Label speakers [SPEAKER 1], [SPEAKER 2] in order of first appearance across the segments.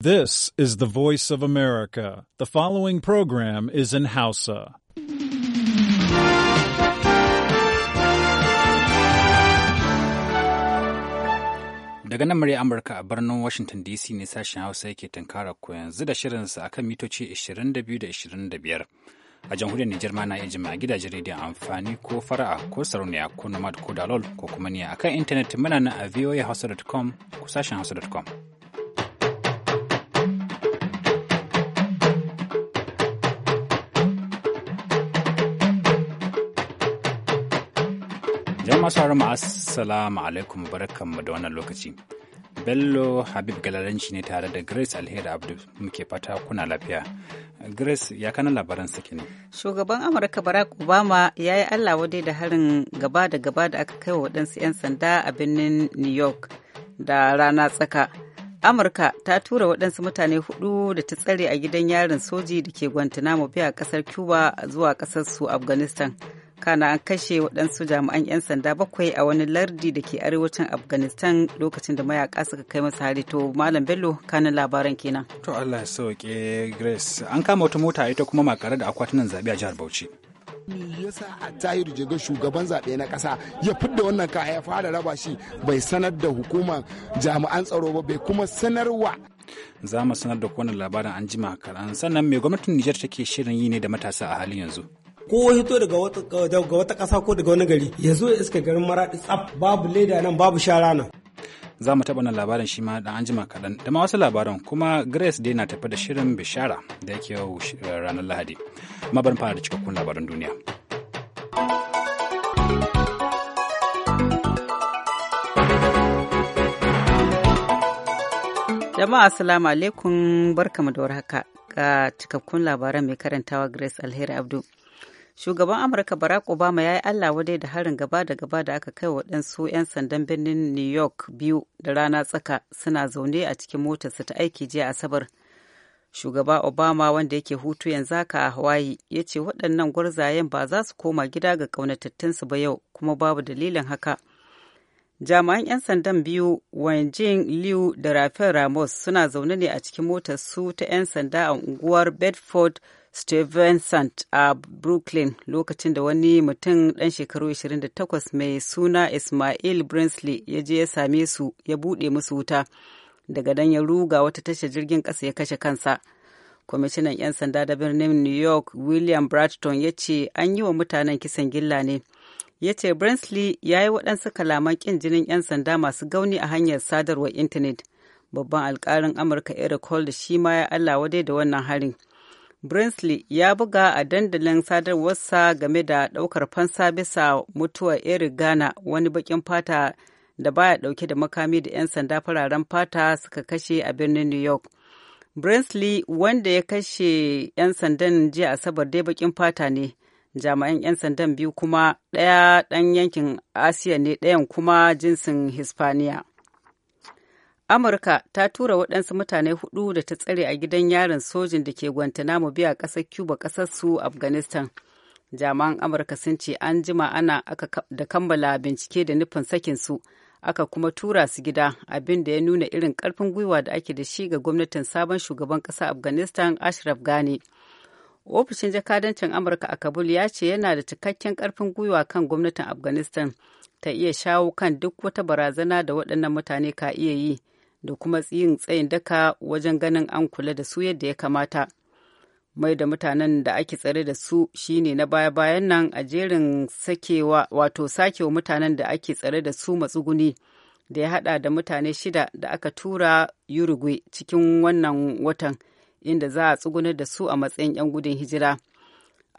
[SPEAKER 1] This is the voice of America. The following program is in Hausa. Daga nan murya Amurka a birnin Washington DC ne sashen Hausa yake tunkara ku yanzu da shirinsa akan mitoci 22 da 25. A jamhuriyar Nijar ma na iya jima gidajen rediyon amfani ko fara'a ko sarauniya ko nomad ko dalol ko kuma niya akan intanet muna nan a voahausa.com ko sashen hausa.com. masu haramu assalamu alaikum barkanmu da wannan lokaci. Bello Habib Galaranci ne tare da Grace Alheri Abdu muke fata kuna lafiya. Grace ya kana labaran suke ne.
[SPEAKER 2] Shugaban Amurka Barack Obama ya yi Allah wadai da harin gaba da gaba da aka kai wa waɗansu 'yan sanda a birnin New York da rana tsaka. Amurka ta tura waɗansu mutane hudu da ta tsare a gidan yarin soji da ke Guantanamo Bay a ƙasar Cuba zuwa ƙasar su Afghanistan. kana an kashe waɗansu jami'an 'yan sanda bakwai a wani lardi da ke arewacin afghanistan lokacin da mayaka suka kai masa hari to malam bello kanin labaran kenan
[SPEAKER 1] to allah ya sauke grace an kama wata mota ita kuma makare da akwatunan zaɓe a jihar
[SPEAKER 3] bauchi me yasa a tahiru jiga shugaban zaɓe na ƙasa ya fidda wannan kaya ya fara raba shi bai sanar da hukumar jami'an tsaro ba bai kuma sanarwa
[SPEAKER 1] za mu sanar da kowane labarin an jima kaɗan sannan mai gwamnatin nijar take shirin yi ne da matasa a halin yanzu ko hito daga wata kasa ko daga wani gari ya zo ya iska garin maraɗi tsaf babu leda nan babu shara nan za mu taɓa nan labarin shi ma da an jima kaɗan da ma wasu labaran kuma grace dai na tafi da shirin bishara da yake yau eh, ranar lahadi ma bar fara da cikakkun
[SPEAKER 2] labaran duniya jama'a assalamu alaikum barkamu da warhaka ga cikakkun labaran mai karantawa grace alheri abdu shugaban amurka barack obama ya yi allah wadai da harin gaba da gaba da aka kai waɗansu 'yan sandan birnin new york biyu da rana tsaka suna zaune a cikin motarsa ta aiki jiya asabar shugaba obama wanda yake hutu yanzu haka a hawaii ya ce waɗannan gwarzayen ba za su koma gida ga ƙaunatattunsu ba yau kuma babu dalilin haka jami'an 'yan sandan biyu wanjin liu da rafael ramos suna zaune ne a cikin motar su ta 'yan sanda a unguwar bedford Stevenson a Brooklyn lokacin da wani mutum ɗan shekaru 28 mai suna Ismail Brinsley ya je ya same su ya buɗe musu wuta. Daga nan ya ruga wata tashar jirgin ƙasa ya kashe kansa. Kwamishinan 'yan sanda da birnin New York William Bratton ya ce an yi wa mutanen kisan gilla ne. Ya ce Brinsley ya yi waɗansu kalaman ƙin jinin 'yan sanda masu gauni a hanyar sadarwar intanet. Babban alƙalin Amurka Eric Holder shi ma ya Allah wadai da wannan harin. Brinsley ya buga a dandalin sadarwarsa game da ɗaukar fansa bisa mutuwar Eric Gana wani bakin fata da baya ɗauke da makami da 'yan sanda fararen fata suka kashe a birnin New York. Brinsley wanda ya kashe 'yan sandan jiya Asabar dai bakin fata ne. Jami'an 'yan sandan biyu kuma ɗaya ɗan yankin Asiya ne ɗayan kuma jinsin Hispaniya. amurka ta tura waɗansu mutane hudu da ta tsare a gidan yarin sojin da ke guantanamo biya ƙasar cuba ƙasar su afghanistan jami'an amurka sun ce an jima ana da kammala bincike da nufin sakin su aka kuma tura su gida abin da ya nuna irin ƙarfin gwiwa da ake da shi ga gwamnatin sabon shugaban ƙasa afghanistan ashraf ghani ofishin jakadancin amurka a kabul ya ce yana da cikakken ƙarfin gwiwa kan gwamnatin afghanistan ta iya shawo kan duk wata barazana da waɗannan mutane ka iya yi da kuma yin tsayin daka wajen ganin an kula da su yadda ya kamata mai da mutanen da ake tsare da su shine na baya-bayan nan a jerin sakewa wato sakewa mutanen da ake tsare da su matsuguni da ya hada da mutane shida da aka tura uruguay cikin wannan watan inda za a tsugunar da su a matsayin 'yan gudun hijira.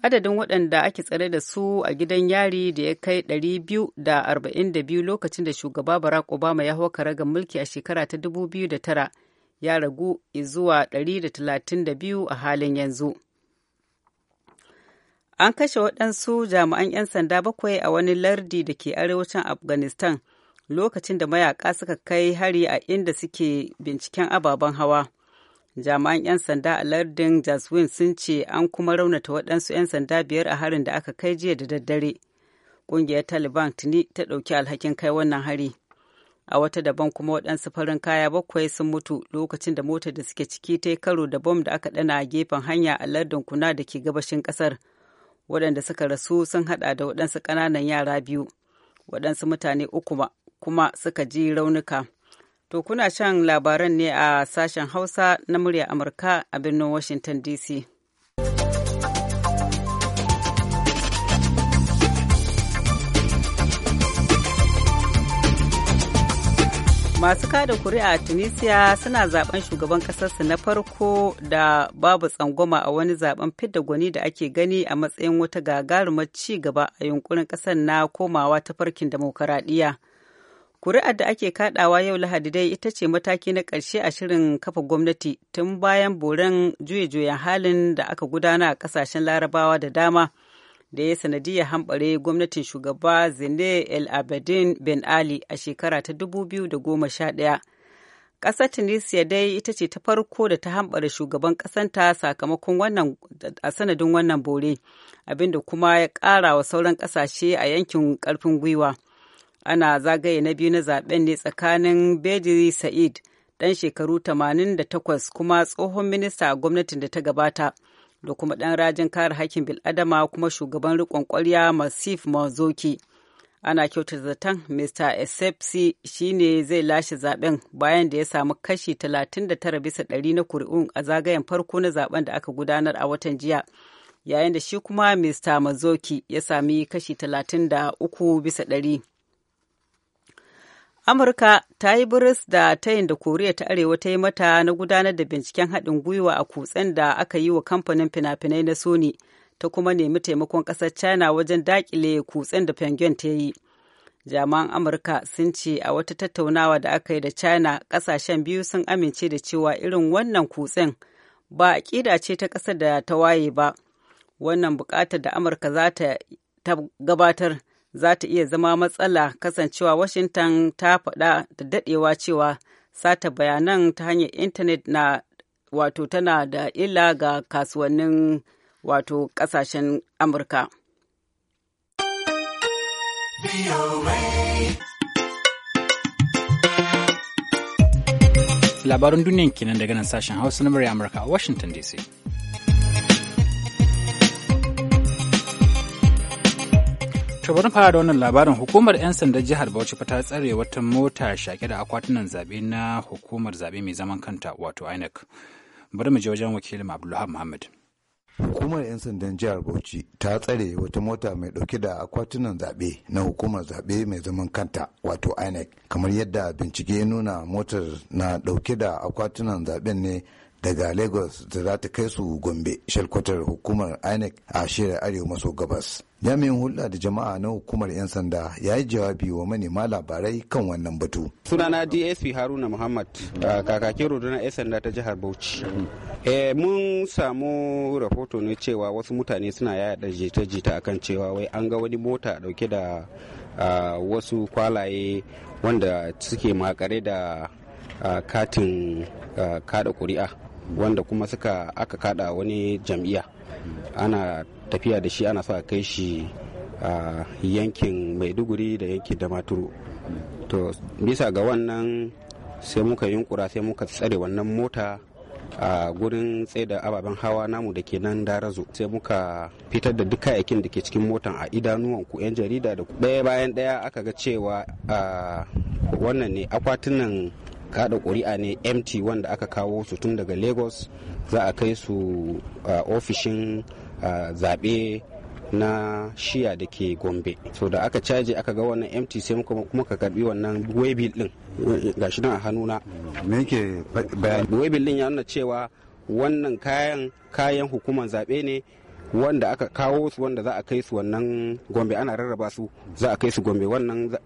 [SPEAKER 2] adadin waɗanda ake tsare da su a gidan yari da ya kai 242 lokacin da shugaba barack obama ya hau karagar mulki a shekara ta 2009 ya ragu zuwa 132 a halin yanzu an kashe waɗansu jami'an 'yan sanda bakwai a wani lardi da ke arewacin afghanistan lokacin da mayaka suka kai hari a inda suke binciken ababen hawa jami'an 'yan sanda a lardin jaswin sun ce an kuma raunata waɗansu 'yan sanda biyar a harin da aka kai jiya da daddare ƙungiyar taliban tuni ta ɗauki alhakin kai wannan hari a wata daban kuma waɗansu farin kaya bakwai sun mutu lokacin da motar da suke ciki ta yi karo da bom da aka ɗana a gefen hanya a lardin kuna da ke gabashin ƙasar waɗanda suka rasu sun haɗa da waɗansu ƙananan yara biyu waɗansu mutane uku kuma suka ji raunuka To kuna shan labaran ne a sashen Hausa na murya Amurka a birnin Washington DC. Masu kada kuri'a a Tunisia suna zaben shugaban kasarsu na farko da babu tsangwama a wani zaben fidda gwani da ake gani a matsayin wata gagarumar ci gaba a yunkurin kasar na komawa ta farkin demokaradiyya. Kuri'ar da ake kaɗawa yau Lahadi dai ita ce mataki na ƙarshe a shirin kafa gwamnati tun bayan boren juya juyen halin da aka gudana a ƙasashen larabawa da dama da ya sanadiyar hambare gwamnatin shugaba Zine El Abedin Ben Ali a shekara ta 2011. Ƙasar Tunisia dai ita ce ta farko da ta hambare shugaban ƙasanta sakamakon wannan a sanadin wannan bore, abinda kuma ya ƙara wa sauran ƙasashe a yankin ƙarfin gwiwa. ana zagaye na biyu na zaben ne tsakanin Bedri Sa'id ɗan shekaru 88 kuma tsohon minista a gwamnatin da ta gabata da kuma ɗan rajin kare hakkin bil'adama kuma shugaban riƙon ƙwarya Masif Mazoki. Ana kyautar zaton Mr. shi ne zai lashe zaben bayan da ya samu kashi 39 bisa ɗari na kuri'un a zagayen farko na zaben da aka gudanar a watan jiya. Yayin da shi kuma Mr. Mazoki ya sami kashi 33 bisa ɗari. Amurka ta yi biris da tayin da Koriya ta Arewa ta yi mata na gudanar da binciken haɗin gwiwa a kutsen da aka yi wa kamfanin fina-finai na Sony ta kuma nemi taimakon ƙasar China wajen daƙile kutsen da Pyongyang ta yi. Jami'an Amurka sun ce a wata tattaunawa da aka yi da China ƙasashen biyu sun amince da cewa irin wannan kutsen ba ƙida ce ta ƙasar da ta waye ba. Wannan buƙatar da Amurka za ta gabatar za ta iya zama matsala kasancewa washington ta faɗa da daɗewa cewa sata bayanan ta hanyar intanet na wato tana da illa ga kasuwannin wato ƙasashen amurka
[SPEAKER 1] labarin duniyan kenan daga nan sashen hausa na murya amurka a washington dc To bari fara da wannan labarin hukumar 'yan sandan jihar Bauchi fa ta tsare wata mota shaƙe da akwatunan zaɓe na hukumar zaɓe mai zaman kanta wato INEC. Bari mu je wajen wakilin Abdulhab Muhammad.
[SPEAKER 4] Hukumar 'yan sandan jihar Bauchi ta tsare wata mota mai ɗauke da akwatunan zaɓe na hukumar zaɓe mai zaman kanta wato INEC kamar yadda bincike ya nuna motar na ɗauke da akwatunan zaɓen ne daga lagos da za ta kai su gombe shalkwatar hukumar inec a shirin arewa maso gabas jami'in hulɗa da jama'a na hukumar 'yan sanda ya yi jawabi wa manema labarai kan wannan batu
[SPEAKER 5] sunana dsp haruna muhammad kakakin rundunar 'yan sanda ta jihar bauchi e, mun samu rahoto ne cewa wasu mutane suna yada jita-jita akan cewa wai an ga wani mota dauke da wasu kwalaye wanda suke makare da katin kada kuri'a wanda kuma suka aka kada wani jam'iyya ana tafiya da shi ana sa kai shi a yankin maiduguri da yankin damaturu to bisa ga wannan sai muka yunkura sai muka tsare wannan mota a gurin tsaida ababen hawa namu da ke nan darazo sai muka fitar da duk kayayyakin da ke cikin motan a idanuwan ku 'yan jarida da ɗaya bayan ɗaya aka ga cewa wannan ne akwatunan kada kuri'a ne mt wanda aka kawo su tun daga lagos za a kai su ofishin zaɓe na shiya da ke gombe so da aka caji aka ga wannan mt sai kuma ka karbi wannan webil din gashi nan a hannuna me yake bayani webil din ya nuna cewa wannan kayan kayan hukumar zaɓe ne wanda aka kawo su wanda za a kai su wannan gombe ana rarraba su za a kai su gombe wannan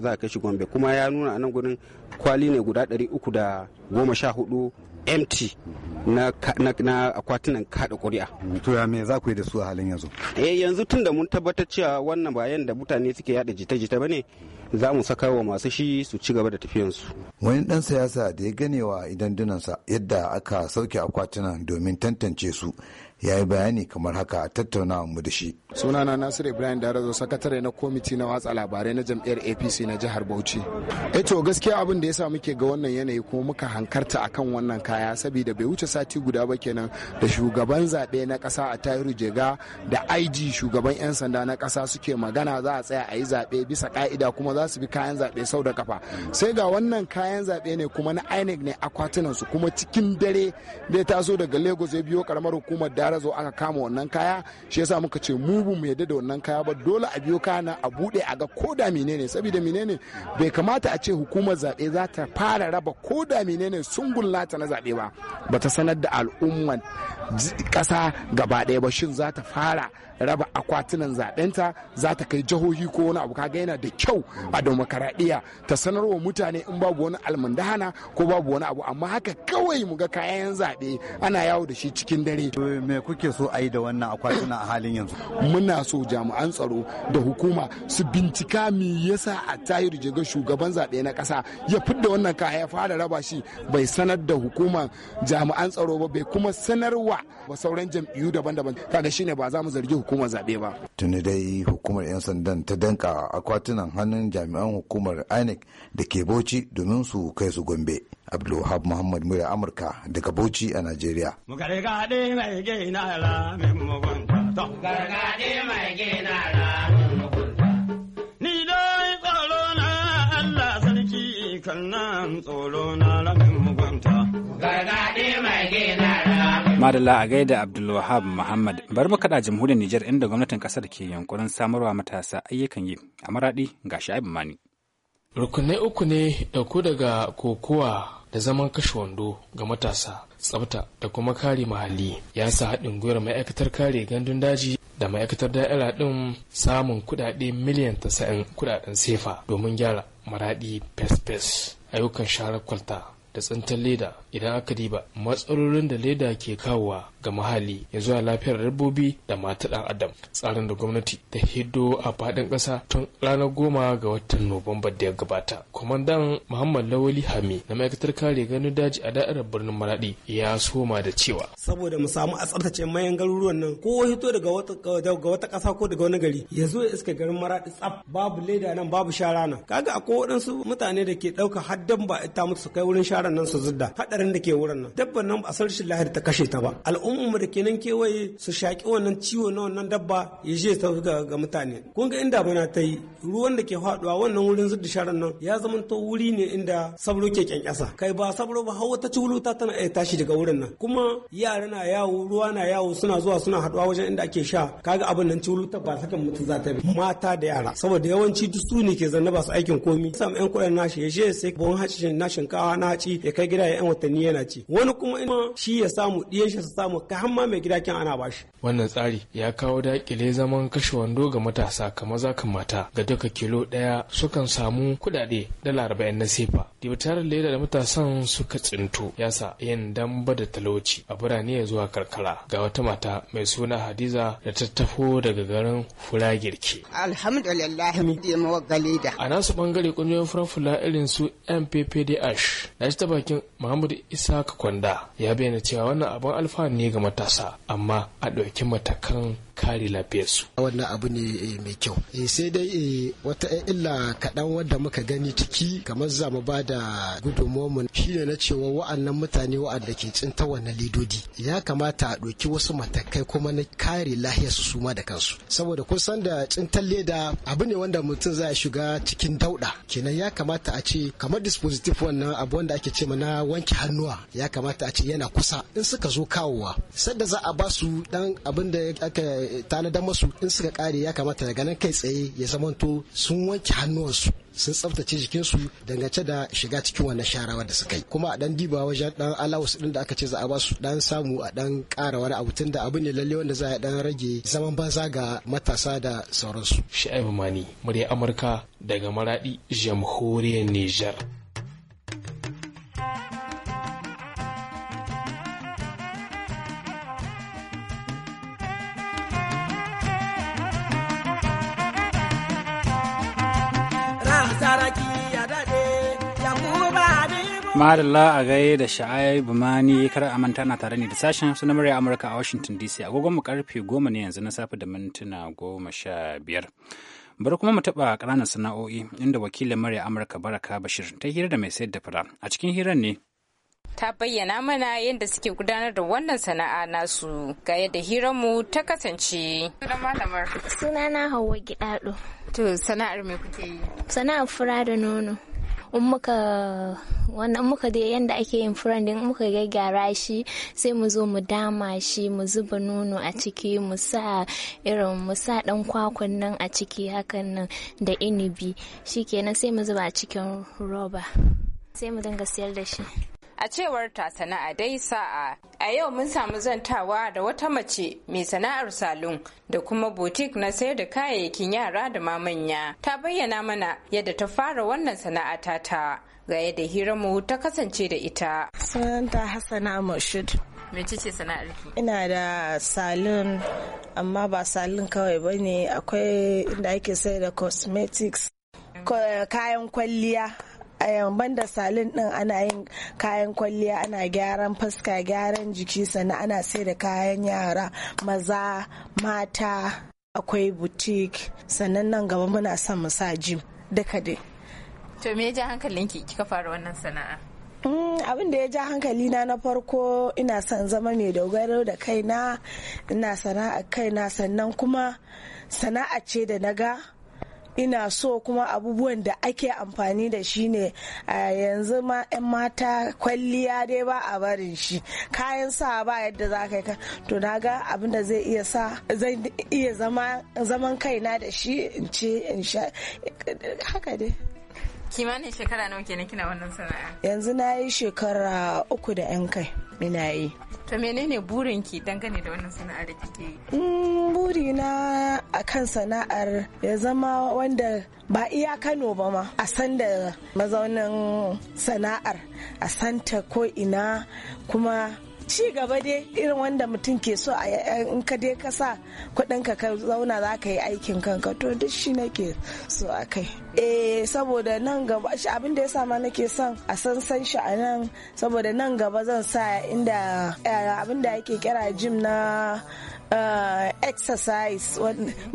[SPEAKER 5] za a kai shi gombe kuma ya nuna a nan gurin kwali ne guda 314 empty na, na, na akwatunan kada kuri'a. to ya me za ku yi da su a halin yanzu eh yanzu tun da mun tabbatar cewa wannan bayan da mutane suke yada jita-jita ba ne za mu saka wa masu shi su ci gaba da tafiyansu.
[SPEAKER 4] Wani dan siyasa da ya ganewa idan dunansa yadda aka sauke akwatunan domin tantance su ya yi bayani kamar haka a tattaunawa mu da shi.
[SPEAKER 3] sunana nasir ibrahim darazo sakatare na kwamiti na watsa labarai na jam'iyyar apc na jihar bauchi e to gaskiya abin da ya sa muke ga wannan yanayi kuma muka hankarta akan wannan kaya saboda bai wuce sati guda ba kenan da shugaban zabe na kasa a tahiru jega da ig shugaban 'yan sanda na kasa suke magana za a tsaya a yi zaɓe bisa ka'ida kuma za su bi kayan zabe sau da kafa sai ga wannan kayan zaɓe ne kuma na inec ne akwatunan su kuma cikin dare zai taso daga lagos ya biyo karamar hukumar da aka zo aka kama wannan kaya shi yasa muka ce mu mu yadda da wannan kaya ba dole a biyo kana a bude a ga koda menene saboda menene bai kamata a ce hukumar zabe za ta fara raba koda menene sungullata na zabe ba bata sanar da al'umman ƙasa gaba ɗaya ba shin za ta fara raba akwatunan zaɓenta za ta kai jihohi ko wani abu kaga yana da kyau a demokaradiyya ta sanarwa mutane in babu wani almundahana ko babu wani abu amma haka kawai mu ga kayan zaɓe ana yawo da shi cikin dare. me kuke so a yi da wannan akwatuna a halin yanzu. muna so jami'an tsaro da hukuma su bincika me yasa a tayar jiga shugaban zaɓe na ƙasa ya fidda wannan kaya ya fara raba shi bai sanar da hukuma jami'an tsaro ba bai kuma sanarwa ba sauran jam'iyyu daban-daban kaga shine ba za mu zargi hukumar zaɓe ba.
[SPEAKER 4] Tuni dai hukumar 'yan sandan ta danka akwatunan hannun jami'an hukumar INEC da ke Bauchi domin su kai su Gombe. Abdulwahab Muhammad Mura Amurka daga Bauchi a Najeriya.
[SPEAKER 6] Ni tsoro Allah
[SPEAKER 5] sarki kan nan tsoro na lamin mugunta. Gargaɗe mai
[SPEAKER 6] gina
[SPEAKER 1] Madalla a gaida Abdulwahab Muhammad bar mu kaɗa jamhuriyar Nijar inda gwamnatin ƙasar ke yankurin samarwa matasa ayyukan yi a maraɗi ga Sha'ib Mani.
[SPEAKER 7] Rukunai uku ne ɗauko daga kokowa da zaman kashe wando ga matasa tsafta da kuma kare muhalli ya sa haɗin gwiwar ma'aikatar kare gandun daji da ma'aikatar da'ira ɗin samun kuɗaɗe miliyan tasa'in kuɗaɗen sefa domin gyara maraɗi fes-fes ayyukan sharar kwalta da tsantar leda idan aka diba matsalolin da leda ke kawowa ga muhalli ya zuwa lafiyar dabbobi da mata dan adam tsarin da gwamnati ta hiddo a fadin kasa tun ranar goma ga watan nuwamba da ya gabata kwamandan muhammad lawali hami na ma'aikatar kare ganin daji a da'irar birnin maradi ya soma da cewa
[SPEAKER 5] saboda mu samu a tsaftace mayan garuruwan nan ko hito daga wata ƙasa ko daga wani gari ya zo ya iska garin maradi tsaf babu leda nan babu shara nan kaga akwai waɗansu mutane da ke ɗauka haddan ba ita musu su kai wurin shara yaran nan su zidda hadarin da ke wurin nan dabban nan ba san rashin lahir ta kashe ta ba al'ummar da kenan kewaye su shaƙi wannan ciwo na wannan dabba ya je ta ga mutane kun ga inda bana ta yi ruwan da ke faduwa wannan wurin zidda sharan nan ya zama to wuri ne inda sabro ke kyankyasa kai ba sabro ba hawa ta ta tana iya tashi daga wurin nan kuma yara na yawo ruwa na yawo suna zuwa suna haduwa wajen inda ake sha kaga abin nan ta ba sakan mutum za ta bi mata da yara saboda yawanci duk su ne ke zanna ba su aikin komi sam yan koyar nashi ya je sai bon hacin na shinkawa na haci ya kai gida ya yan watanni yana ci wani kuma ina shi ya samu diyan shi su samu ka hamma mai gida kin ana bashi
[SPEAKER 7] wannan tsari ya kawo dakile zaman kashe wando ga matasa kamar zakan mata ga duka kilo ɗaya sukan samu kudade dala arba'in na sefa tarin leda da matasan suka tsinto ya sa yin damba da talauci a birane zuwa karkara ga wata mata mai suna hadiza da ta tafo daga garin fura girki alhamdulillah da a nasu ɓangare, kungiyoyin furanfula irin su mppdh na ta bakin muhammadu isa Kakwanda, ya bayyana cewa wannan abin alfahari ne ga matasa amma a ɗauki matakan kare lafiyarsu.
[SPEAKER 5] Wannan abu ne eh, mai kyau. Eh, sai dai eh, wata illa kaɗan wadda muka gani ciki kamar za mu ba da shi shine na cewa wa'annan mutane wa'anda ke tsinta wannan lidodi ya kamata a ɗauki wasu matakai kuma na kare lahiyarsu su ma da kansu. Saboda kun san da tsintar leda abu ne wanda mutum za ya shiga cikin dauɗa kenan ya kamata a ce kamar dispositif wannan abu wanda ake ce na wanke hannuwa ya kamata a ce yana kusa in suka zo kawowa sadda za a ba su dan abin da aka tanadar masu in suka kare ya kamata daga nan kai tsaye ya zamanto sun wanke hannuwansu sun tsaftace jikinsu dangance da shiga cikin wannan sharawa da suka yi kuma a dan diba wajen dan alawus din da aka ce za a basu dan samu a dan kara wani abu tunda abu ne lalle wanda za a dan rage zaman banza ga matasa da sauransu. Sha'ibu Mani, murya Amurka
[SPEAKER 7] daga Maradi, Jamhuriyar Nijar.
[SPEAKER 1] Madalla a gaye da sha'ai bumani kar a manta na tare ne da sashen hausa na murya Amurka a Washington DC agogon mu karfe goma ne yanzu na safe da mintuna goma sha biyar. Bari kuma mu taɓa ƙananan sana'o'i inda wakilin murya Amurka Baraka Bashir ta hira da mai sayar da fura. A cikin hirar ne
[SPEAKER 8] ta bayyana mana yadda suke gudanar da wannan sana'a nasu ga yadda hiranmu ta kasance. Suna na Hauwa gidaɗo. To sana'ar me kuke yi? Sana'ar fura da nono. in muka wannan muka da yanda ake yin furan din muka gaggara shi sai mu zo mu dama shi mu zuba nono a ciki mu sa irin mu sa dan kwakwan nan a ciki hakan nan da inibi kenan sai mu zuba a cikin roba sai mu dinga siyar da shi a cewar ta sana'a dai sa'a a yau mun samu zantawa da wata mace mai sana'ar salon da kuma butik na sayar da kayayyakin yara da ma manya ta bayyana mana yadda ta fara wannan sana'a ta ta ga yadda hiramu ta kasance da ita
[SPEAKER 6] sunanta hassana murshid
[SPEAKER 8] mecece sana'ar ki
[SPEAKER 6] ina da salon amma ba salon kawai ba ne. akwai inda ake sayar da cosmetics kayan kwalliya ban da salin din ana yin kayan kwalliya ana gyaran fuska gyaran jiki sannan ana sai da kayan yara maza mata akwai butik sannan nan gaba muna son mu sa jim duka dai
[SPEAKER 8] to me ya ja hankalinki kika fara wannan sana'a
[SPEAKER 6] mm, abin da ya ja hankali na na farko ina son zama mai dogaro da kaina ina sana'a kaina sannan kuma sana'a ce da na ga ina so kuma abubuwan da ake amfani da shi ne a yanzu ma 'yan mata kwalliya dai ba a barin shi kayan sa ba yadda za ka yi ka to na ga abin da zai iya sa zai iya zaman kaina da shi in ce in sha haka dai
[SPEAKER 8] kimanin shekara nawa kenan kina wannan sana'a
[SPEAKER 6] yanzu na yi shekara uku da yan kai ina yi
[SPEAKER 8] to menene burin ki dangane da wannan sana'ar da kike yi
[SPEAKER 6] mm, buri na akan sana'ar ya zama wanda ba iya Kano ba ma a san da mazaunin sana'ar a santa ko ina kuma ci gaba dai irin wanda mutum ke so a in ka dai ka sa kuɗin ka ka zauna za ka yi aikin kanka to duk shi nake so a kai eh saboda nan gaba abin da ya sa ma nake son a san san shi a nan saboda nan gaba zan sa inda eh, abin da ake kira jim na uh, exercise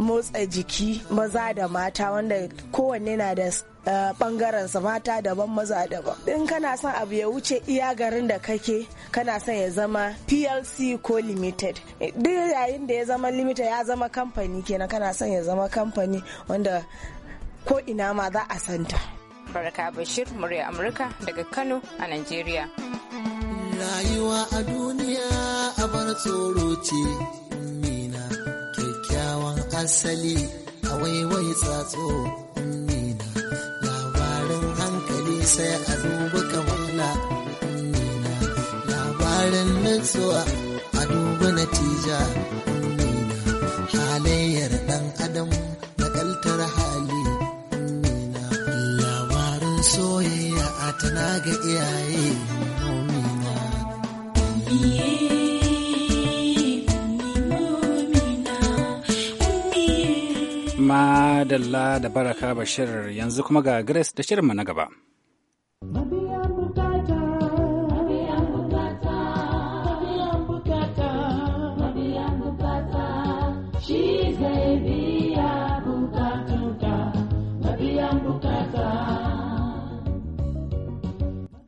[SPEAKER 6] motsa jiki maza da mata wanda kowanne na da Eh, bangaren sa mata daban maza daban in kana son abu ya wuce iya garin da kake kana son ya zama plc ko limited duk yayin da ya zama limited ya zama kamfani kenan kana son ya zama kamfani wanda ko ina ma za a santa
[SPEAKER 8] baraka bashir murya amurka daga kano a nigeria rayuwa a
[SPEAKER 4] duniya a bar tsoro ce nina kyakkyawan asali a waiwai tsatso sai a duba kamala nina labarin nutsuwa a duba natija nina halayyar dan adam nakaltar hali nina labarin soyayya a tana ga iyaye nina
[SPEAKER 1] Madalla da Baraka Bashir yanzu kuma ga Grace da shirinmu na gaba.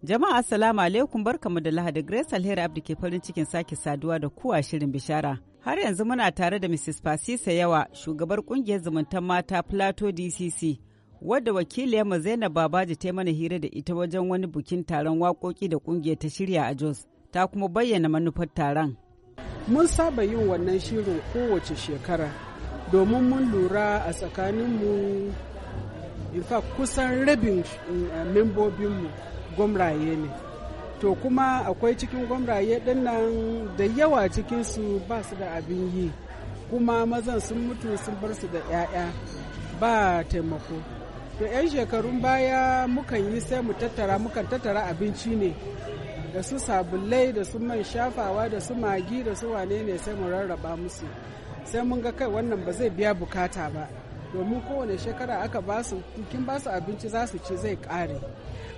[SPEAKER 2] Jama'a assalamu alaikum barkamu da Lahadi Grace Alheri Abdi ke farin cikin sake saduwa da kuwa shirin bishara. Har yanzu muna tare da Mrs. Fasisa Yawa, shugabar kungiyar zumuntar mata Plateau DCC, wadda wakiliyarmu Zainab Babaji ta mana hira da ita wajen wani bukin taron waƙoƙi da kungiyar ta shirya a Jos, ta kuma bayyana manufar taron. Mun saba yin wannan shirin kowace shekara domin
[SPEAKER 9] mun lura a tsakaninmu, in kusan rabin eh, membobinmu gwamraye ne to kuma akwai cikin gwamraye ɗinnan nan da yawa cikinsu ba su da abin yi kuma mazan sun mutu sun bar su da 'ya'ya ba taimako to 'yan shekarun baya mukan yi sai mu tattara mukan tattara abinci ne da su sabulai da su man shafawa da su magi da su wane ne sai mu rarraba musu sai mun ga kai wannan ba zai biya bukata ba domin kowane shekara aka basu kin basu abinci za su ci zai kare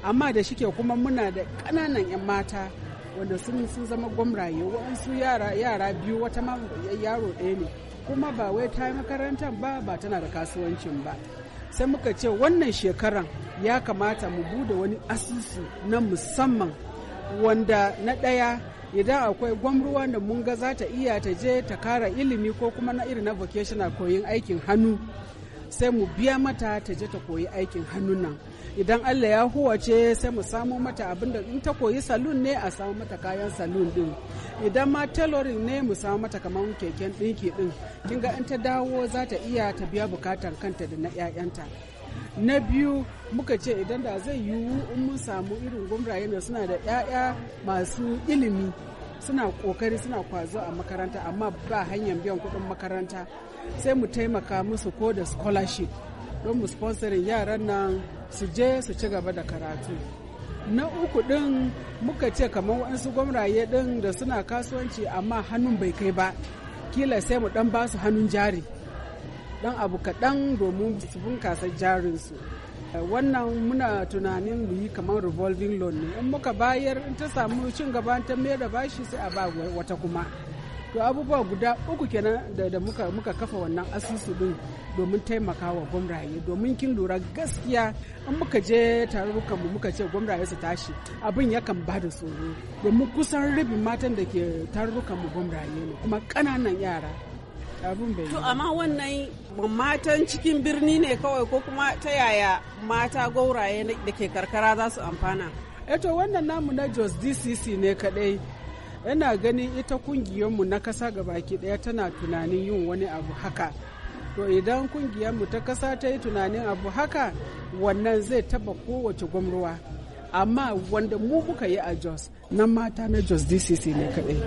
[SPEAKER 9] amma da shike kuma muna da ƙananan 'yan mata wanda sun sun zama gwamraye waɗansu yara yara biyu wata ma yaro ɗaya ne kuma ba wai ta makarantar ba ba tana da kasuwancin ba sai muka ce wannan shekaran ya kamata mu bude wani asusu na musamman wanda na ɗaya idan akwai gwamruwa da mun ga za ta iya ta je ta kara ilimi ko kuma na irin na vocational koyin aikin hannu sai mu biya mata ta je ta koyi aikin hannun nan idan allah ya huwace sai mu samo mata abin da in ta koyi salon ne a samo mata kayan salon din idan ma tailoring ne mu samo mata kamar keken ɗinki din kin ga in ta dawo za ta iya ta biya bukatan kanta da na 'ya'yanta na biyu muka ce idan da zai yiwu in mun samu irin gwamnati ne suna da 'ya'ya masu ilimi suna kokari suna kwazo a makaranta amma ba hanyar biyan kuɗin makaranta sai mu taimaka musu ko da scholarship don mu sponsorin yaran nan su je su ci gaba da karatu na uku din muka ce kamar waɗansu gwamraye din da suna kasuwanci amma hannun bai kai ba kila sai mu ɗan basu hannun jari dan abu kaɗan domin su bunkasa jarinsu wannan muna tunanin mu yi kamar revolving loan ne in muka bayar in ta samu cin gaba ta mai da bashi sai a ba wata kuma to abubuwa guda uku kenan da, da muka, muka kafa wannan asusu din domin taimaka wa gwamnati domin kin lura gaskiya in muka je tarurrukan mu muka ce gwamnati su tashi abin yakan ba da tsoro domin kusan rubin matan da ke tarurrukan mu gwamnati ne kuma kananan yara abin bai to amma wannan matan cikin birni ne kawai ko kuma ta yaya mata gauraye da ke karkara za su amfana eto eh wannan namu na jos dcc ne kadai yana ganin ita kungiyarmu na kasa baki daya tana tunanin yin wani abu haka to idan kungiyarmu ta kasa ta yi tunanin abu haka wannan zai taba kowace gwamruwa amma wanda mu muka yi a jos nan mata na jos dcc ne kadai.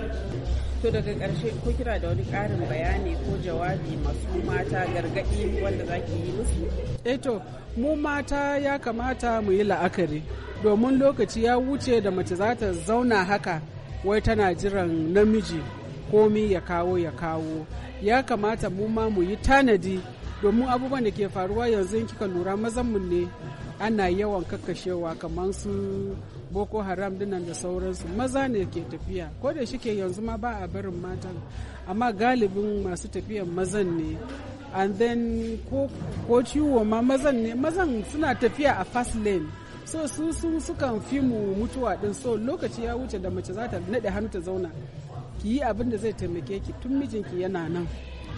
[SPEAKER 2] to daga ƙarshe ko kira da wani ƙarin bayani ko jawabi masu mata gargaɗi wanda za ki yi musu
[SPEAKER 9] eto eh mu mata ya kamata mu yi la'akari domin lokaci ya wuce da mace za ta zauna haka wai tana jiran namiji komi ya kawo ya kawo ya kamata mu ma mu yi tanadi domin abubuwan da ke faruwa yanzu in kika lura mazanmu ne ana yawan kakkashewa kamar su boko haram dinan da sauransu maza ne ke tafiya ko da shike yanzu ma ba a barin matan amma galibin masu tafiyan mazan ne and then ko ciwo ma mazan ne mazan suna tafiya a fast lane so su su sukan fi mu mutuwa din so lokaci ya wuce da mace za ta naɗe hannu ta zauna ki yi abin da zai taimake ki tun mijinki yana nan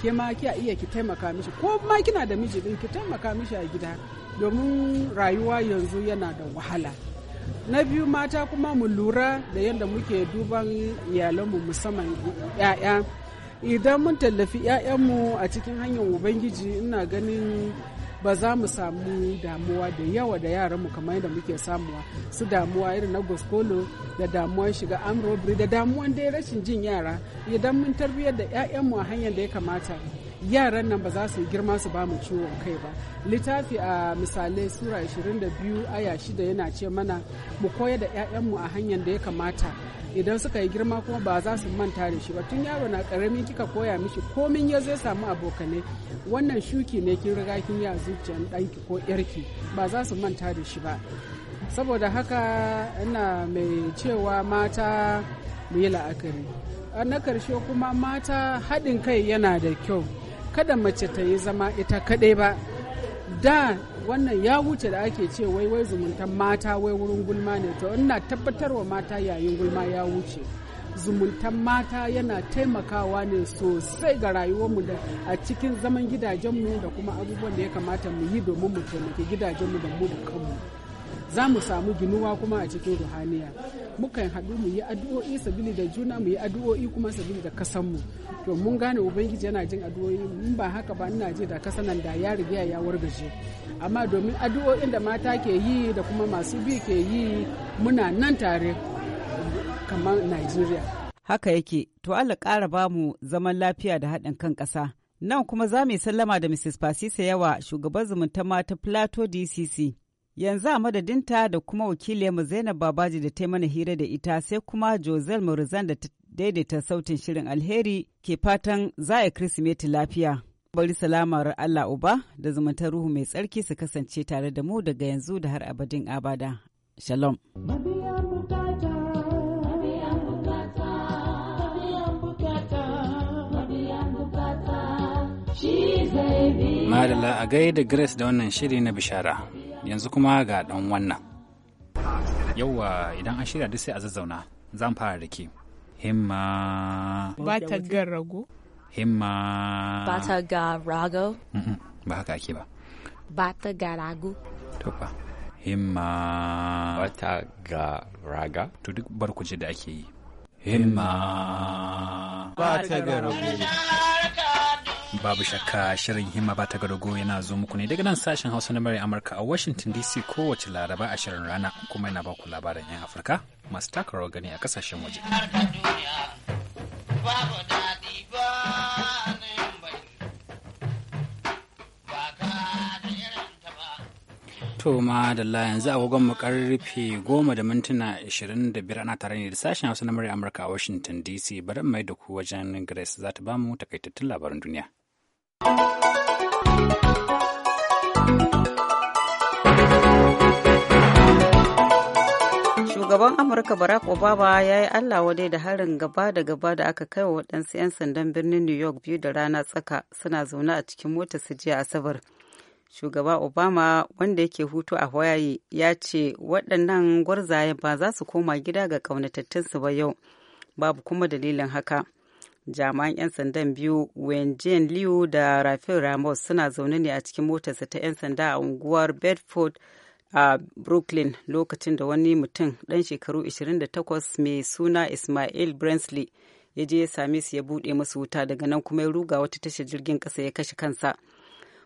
[SPEAKER 9] ke ma kiya iya ki taimaka mishi ko ma kina da miji din ki taimaka mishi a gida domin rayuwa yanzu yana da wahala na biyu mata kuma mu lura da yadda muke duban iyalanmu musamman 'ya'ya idan mun tallafi 'ya'yanmu a cikin hanyar ubangiji ina ganin ba za mu samu damuwa da yawa da yaran mu kamar yadda muke samuwa su damuwa irin na goskolo da damuwan shiga amrobri da damuwan dai rashin jin yara idan mun tarbiyyar da 'ya'yanmu a hanyar da ya kamata yaran nan ba za su girma su ba mu ciwon kai ba littafi a misalai sura 22 aya 6 yana ce mana mu koya da 'ya'yanmu a hanyar da ya kamata idan suka yi girma kuma ba za su manta da shi ba tun yaro na karami kika koya mishi komin ya zai samu abokane wannan shuki ne kin riga kin ya zuciyar ɗanki ko yarki ba za su manta da shi ba saboda haka ina mai cewa mata mu yi la'akari na karshe kuma mata haɗin kai yana da kyau kada mace ta yi zama ita kaɗai ba da wannan ya wuce da ake ce wai wai zumuntan mata wai wurin gulma ne to ina tabbatarwa mata yayin gulma ya wuce zumuntan mata yana taimakawa ne sosai ga rayuwarmu da a cikin zaman gidajenmu da kuma abubuwan da ya kamata mu yi domin mu taimaki gidajenmu da mu da kanmu za mu samu ginuwa kuma a cikin ruhaniya mukan haɗu mu yi addu'o'i sabili da juna mu yi addu'o'i kuma sabili da kasanmu to mun gane ubangiji yana jin addu'o'i in ba haka ba ina ji da kasanan da ya riga ya wargaje amma domin addu'o'in da mata ke yi da kuma masu bi ke yi muna nan tare kamar
[SPEAKER 2] Najeriya. Haka yake, to Allah ƙara ba mu zaman lafiya da haɗin kan ƙasa. Nan kuma za mu sallama da Mrs. Fasisa Yawa, shugaban zumunta mata Plateau DCC. yanzu a madadinta da kuma mu zainab babaji da ta mana hira da ita sai kuma josel murzan da ta daidaita sautin shirin alheri ke fatan za a kirsimeti lafiya bari salamar allah uba da zumuntar ruhu mai tsarki su kasance tare da mu daga yanzu da har abadin abada shalom
[SPEAKER 1] Madala a gaida Grace da wannan shiri na bishara. yanzu kuma ga ɗan wannan yauwa idan an shirya duk sai a zazzauna zan fara da ke himma
[SPEAKER 8] ba ta ga rago
[SPEAKER 1] himma ba ta
[SPEAKER 8] ga rago
[SPEAKER 1] ba haka ake ba
[SPEAKER 6] ba ta ga rago
[SPEAKER 1] to ba. himma ba ta ga raga to duk barkuce da ake yi himma ba ta ga rago babu shakka shirin himma ba ta garago yana zo muku ne daga nan sashen hausa na mara amurka a washington dc kowace laraba a shirin rana kuma yana baku labarin 'yan afirka masu taka gani a kasashen waje To la yanzu agogon mu karfe goma da mintuna 25 ana tare ne da sashen Hausa na murya Amurka a Washington DC bari mai da ku wajen Grace za ta bamu takaitattun labaran duniya.
[SPEAKER 2] shugaban amurka barack obama ya yi allah wadai da harin gaba da gaba da aka kai wa waɗansu 'yan sandan birnin new york biyu da rana tsaka suna zaune a cikin motar su jiya asabar shugaba obama wanda yake hutu a hawaii ya ce waɗannan gwarzayen ba za su koma gida ga ƙaunatattunsu ba yau babu kuma dalilin haka jami'an 'yan sandan biyu wenjen liu da rafael ramos suna zaune ne a cikin motarsa ta 'yan sanda a unguwar bedford a brooklyn lokacin da wani mutum dan shekaru 28 mai suna ismail brinsley ya je ya same su ya bude musu wuta daga nan kuma ya ruga wata tashar jirgin kasa ya kashe kansa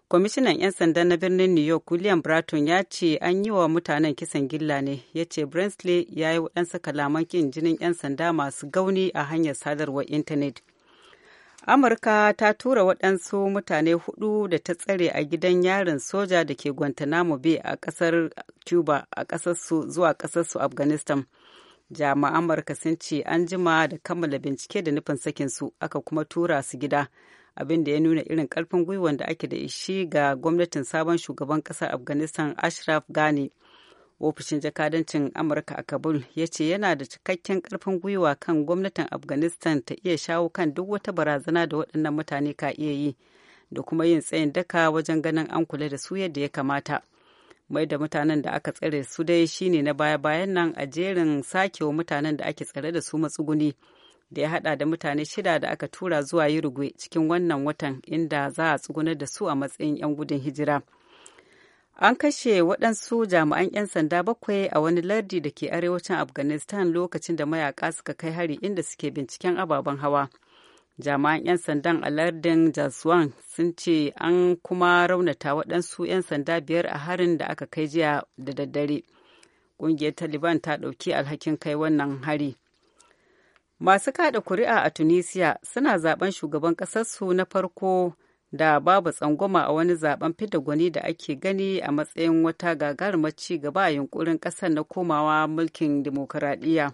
[SPEAKER 2] kwamishinan 'yan sanda na birnin new york william bratton ya ce an yi wa mutanen kisan gilla ne ya ce brinsley ya yi waɗansa kalaman kin jinin 'yan sanda masu gauni a hanyar sadarwar intanet amurka ta tura waɗansu mutane hudu da ta tsare a gidan yarin soja da ke guantanamo bay a ƙasar cuba a ƙasarsu zuwa ƙasarsu afghanistan jami'an amurka sun ce an jima da kammala bincike da nufin sakinsu aka kuma tura su gida abin da ya nuna irin karfin gwiwan da ake da ishi ga gwamnatin sabon shugaban ƙasar afghanistan ashraf ghani ofishin jakadancin amurka a kabul ya ce yana da cikakken karfin gwiwa kan gwamnatin afghanistan ta iya shawo kan duk wata barazana da waɗannan mutane ka iya yi da kuma yin tsayin daka wajen ganin an kula da su yadda ya kamata mai da mutanen da aka tsare su dai shine na baya-bayan nan a jerin sakewa mutanen da ake tsare da su matsuguni da ya hada da mutane shida da aka tura zuwa Uruguay cikin wannan watan inda za a tsugunar da su a matsayin 'yan gudun hijira. An kashe waɗansu jami'an 'yan sanda bakwai a wani lardi da ke arewacin Afghanistan lokacin da mayaka suka kai hari inda suke binciken ababen hawa. Jami'an 'yan sandan a lardin Jaswan sun ce an kuma raunata waɗansu 'yan sanda biyar a harin da aka kai jiya da daddare. Ƙungiyar Taliban ta ɗauki alhakin kai wannan hari. Masu kada kuri'a a Tunisia suna zaben shugaban ƙasarsu na farko da babu tsangwama a wani zaben fidda gwani da ake gani a matsayin wata gagarumar ci gaba a yunkurin ƙasar na komawa mulkin demokuraɗiyya.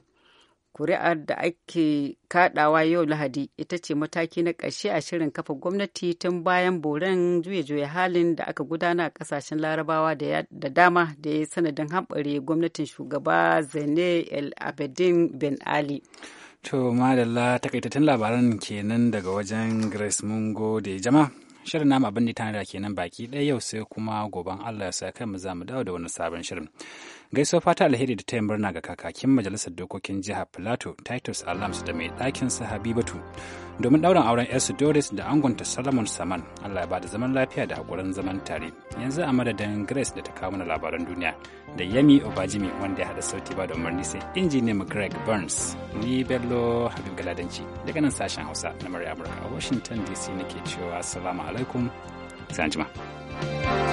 [SPEAKER 2] Kuri'ar da ake kadawa yau Lahadi ita ce mataki na ƙarshe a shirin kafa gwamnati tun bayan boren juya juya halin da aka gudana a ƙasashen larabawa da dama da ya sanadin hamɓare gwamnatin shugaba Zane El Abedin Ben Ali.
[SPEAKER 1] To madalla takaitattun labaran kenan daga wajen Grace mun gode jama. Shirin namu abin da da kenan baki ɗaya yau sai kuma goban Allah ya sa kai mu zamu dawo da wani sabon shirin. Gaisuwa fata alheri da ta yi murna ga kakakin majalisar dokokin jihar Plateau Titus Alams da mai ɗakin sa Habibatu domin ɗaurin auren yarsu Doris da angonta Solomon Saman. Allah ya ba da zaman lafiya da haƙurin zaman tare. Yanzu a madadin Grace da ta kawo mana labaran duniya. da Yemi Obajimi wanda ya haɗa sauti ba da umarni sai injiniyan Greg Burns ni Bello Habib Galadanci daga nan sashen Hausa na Murya Amurka a Washington DC nake cewa salamu alaikum sai anjima. thank you